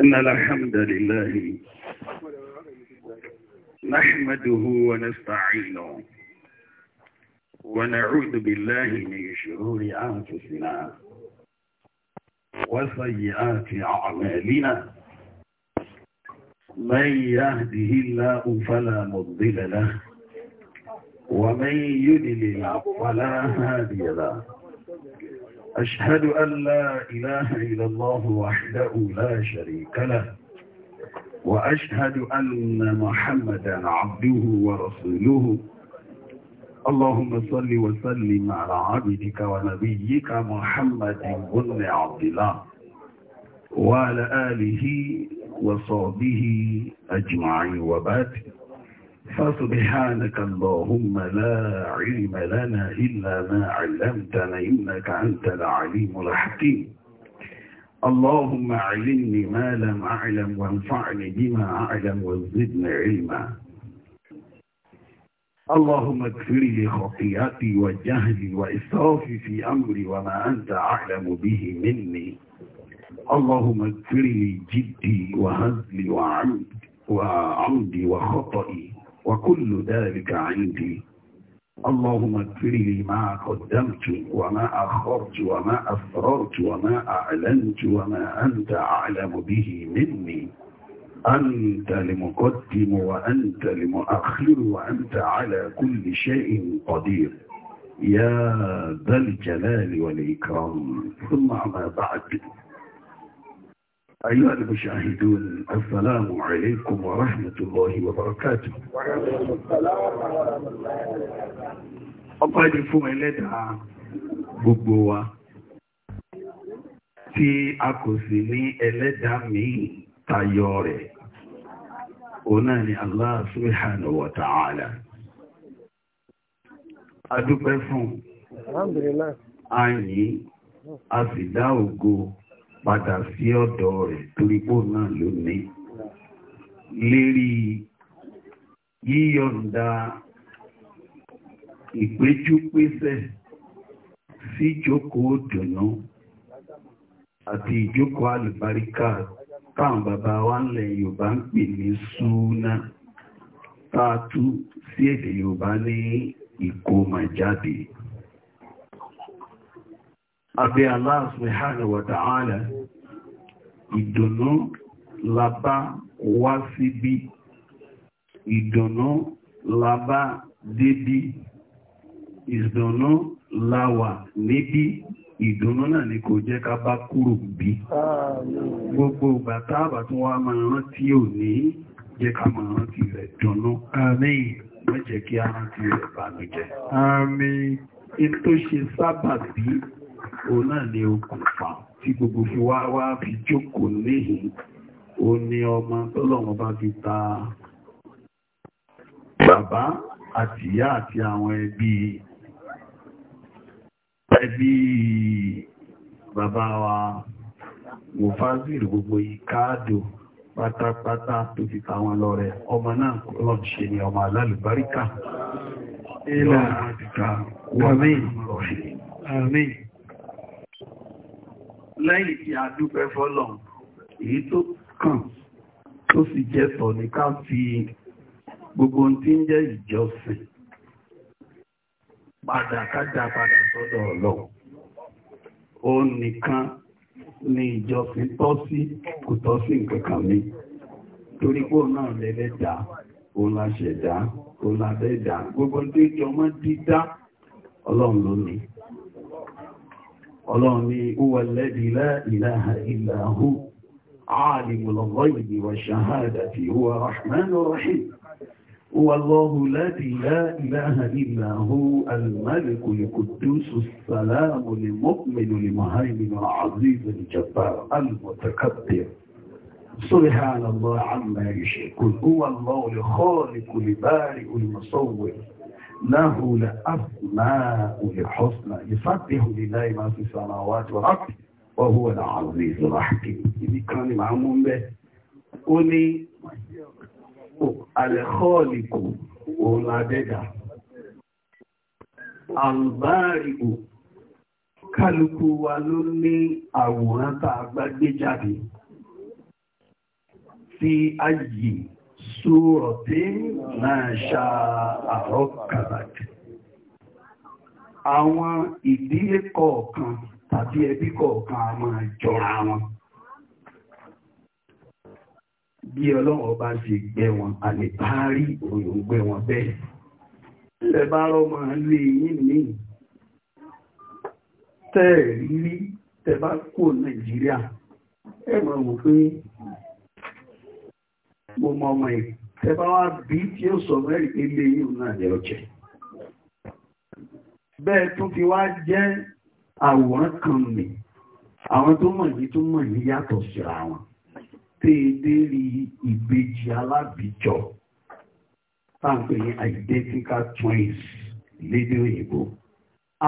إن الحمد لله نحمده ونستعينه ونعوذ بالله من شرور أنفسنا وسيئات أعمالنا من يهده الله فلا مضل له ومن يدلل فلا هادي له أشهد أن لا إله إلا الله وحده لا شريك له وأشهد أن محمدا عبده ورسوله اللهم صل وسلم على عبدك ونبيك محمد بن عبد الله وعلى آله وصحبه أجمعين وبعد فسبحانك اللهم لا علم لنا إلا ما علمتنا إنك أنت العليم الحكيم اللهم علمني ما لم أعلم وانفعني بما أعلم وزدني علما اللهم اغفر لي خطيئتي وجهلي وإسرافي في أمري وما أنت أعلم به مني اللهم اغفر لي جدي وهزلي وعمدي وخطئي وكل ذلك عندي اللهم اغفر لي ما قدمت وما أخرت وما أسررت وما أعلنت وما أنت أعلم به مني أنت المقدم وأنت المؤخر وأنت على كل شيء قدير يا ذا الجلال والإكرام ثم أما بعد أيها المشاهدون السلام عليكم ورحمة الله وبركاته ọpá ìdí fún ẹlẹ́dàá gbogbo wa tí a kò sì ní ẹlẹ́dàá míì tayọ rẹ̀ òun náà ni Allah subhanahu wa ta'ala adúpẹ́ fún a dá padà sí ọ̀dọ̀ rẹ̀ torí pò náà ló ní lérí yíyọ̀ǹda ìpéjúpésẹ̀ sí ìjókòó dùnú àti ìjókòó àlùbáríkà táwọn bàbá wa ń lẹ̀ Yorùbá ń pè ní súnà tààtú sí èdè Yorùbá ní ìkómà jáde àbí Allah subhanahu wa ta'ala ìdùnnú labá wá síbí ìdùnnú labá débí ìdùnnú láwà níbí ìdùnnú náà ni kò jẹ́ ká bá kúrò bí gbogbo ìgbà táàbà tún wá máa rántí ò ní jẹ́ ká máa rántí rẹ̀ dùnnú àmín mẹ́jẹ̀ kí a rántí rẹ̀ bànújẹ́ àmín in tó ṣe sábàbí o náà ni okùnfà tí gbogbo fi wá wá fi jókòó níhìn ó ní ọmọ tọ́lọ́wọ́n bá fi ta bàbá àti ìyá àti àwọn ẹbí ẹbí bàbá wa mufazir gbogbo ìkáàdò pátápátá tó fi tàwọn lọ rẹ̀ ọmọ náà lọ ṣe ni ọmọ alálùbáríkà ilẹ̀ àmì àmì lẹ́yìn tí a dúpẹ́ fọ́lọ̀ èyí tó kàn tó sì jẹ́ tọ̀ ní ká fi gbogbo tí ń jẹ́ ìjọsìn padà kájá padà sọ́dọ̀ ọlọ́run ó nìkan ni ìjọsìn tọ́ sí kò tọ́ sí nǹkankan mi torí pò náà lẹ́lẹ́dà òun la ṣẹ̀dá òun la bẹ́ẹ̀dà gbogbo tí ìjọmọ́ dídá ọlọ́run ló ظلامي هو الذي لا إله إلا هو عالم الغيب والشهادة هو الرحمن الرحيم هو الله الذي لا إله إلا هو الملك القدوس السلام المؤمن المهيمن العزيز الجبار المتكبر سبحان الله عما يشركون هو الله الخالق البارئ المصور له الأسماء الحسنى يسبح لله ما في السماوات والأرض وهو العزيز الحكيم ibi kan ni màá mú bẹ́ẹ̀ ó ní alẹ́kọ́ọ̀lìkù òun adẹ́gà àlùbáàrìkù kálukú wa ló ní àwòrán tá a gbágbé jáde sí ayé Àwọn ìdílé kọ̀ọ̀kan tàbí ẹbí kọ̀ọ̀kan a máa jọra wọn. Bí bá ṣe gbẹ wọn, a bá òyìn gbẹ wọn bẹ́ẹ̀. Ilẹ̀ bá rọ́ máa lé ní Nàìjíríà. Ẹ mo mọ ọmọ yìí tẹ́bá wá bí tí ó sọ mẹ́rin pé ilé yìí náà lẹ́ ọjẹ́ bẹ́ẹ̀ tún fi wá jẹ́ àwòrán kan mi àwọn tó mọ̀ yìí tó mọ̀ yìí yàtọ̀ síra wọn tèèdè rí ìbejì alábìjọ táǹpẹ̀ identical twins lédè òyìnbó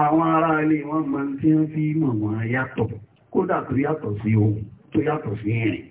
àwọn ará ilé wọn máa ń tí ń fi mọ̀ wọn yàtọ̀ kódà tó yàtọ̀ sí ohun tó yàtọ̀ sí ìrìn